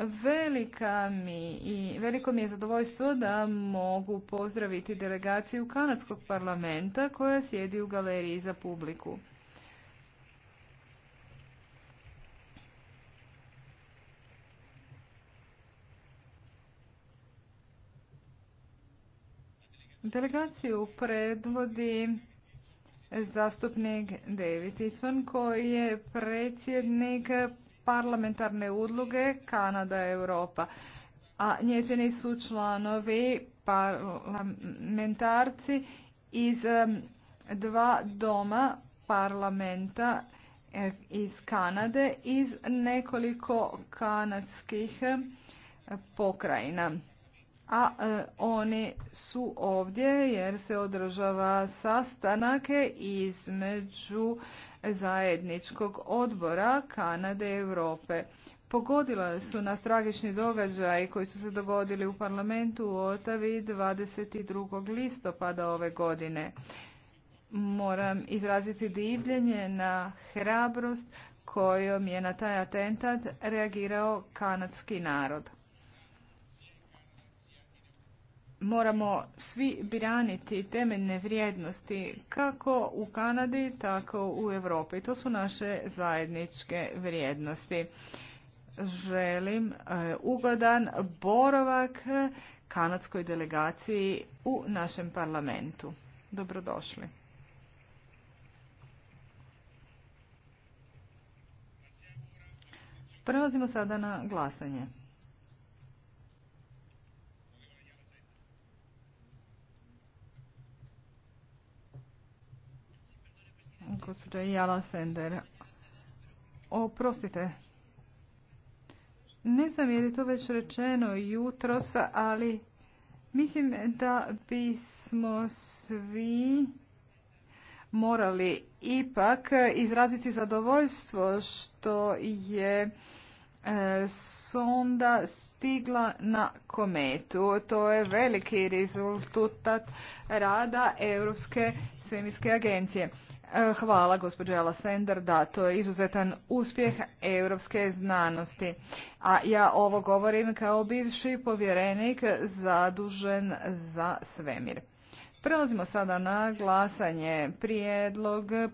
Velika mi i veliko mi je zadovoljstvo da mogu pozdraviti delegaciju Kanadskog parlamenta koja sjedi u galeriji za publiku. Delegaciju predvodi zastupnik Davidson koji je predsjednik parlamentarne udluge Kanada Europa, a njezini su članovi parlamentarci iz dva doma parlamenta eh, iz Kanade iz nekoliko kanadskih pokrajina a e, oni su ovdje jer se održava sastanake između zajedničkog odbora Kanade i Europe. Pogodila su nas tragični događaj koji su se dogodili u parlamentu u Otavi 22. listopada ove godine. Moram izraziti divljenje na hrabrost kojom je na taj atentat reagirao kanadski narod moramo svi braniti temeljne vrijednosti kako u Kanadi, tako u Europi. To su naše zajedničke vrijednosti. Želim e, ugodan boravak kanadskoj delegaciji u našem parlamentu. Dobrodošli. Prelazimo sada na glasanje. gospođa Jala Sender. Oprostite. Ne znam je li to već rečeno jutros, ali mislim da bismo svi morali ipak izraziti zadovoljstvo što je e, sonda stigla na kometu. To je veliki rezultat rada Europske svemirske agencije. Eh, hvala gospođo sender da to je izuzetan uspjeh europske znanosti. A ja ovo govorim kao bivši povjerenik zadužen za svemir. Prelazimo sada na glasanje prijedlog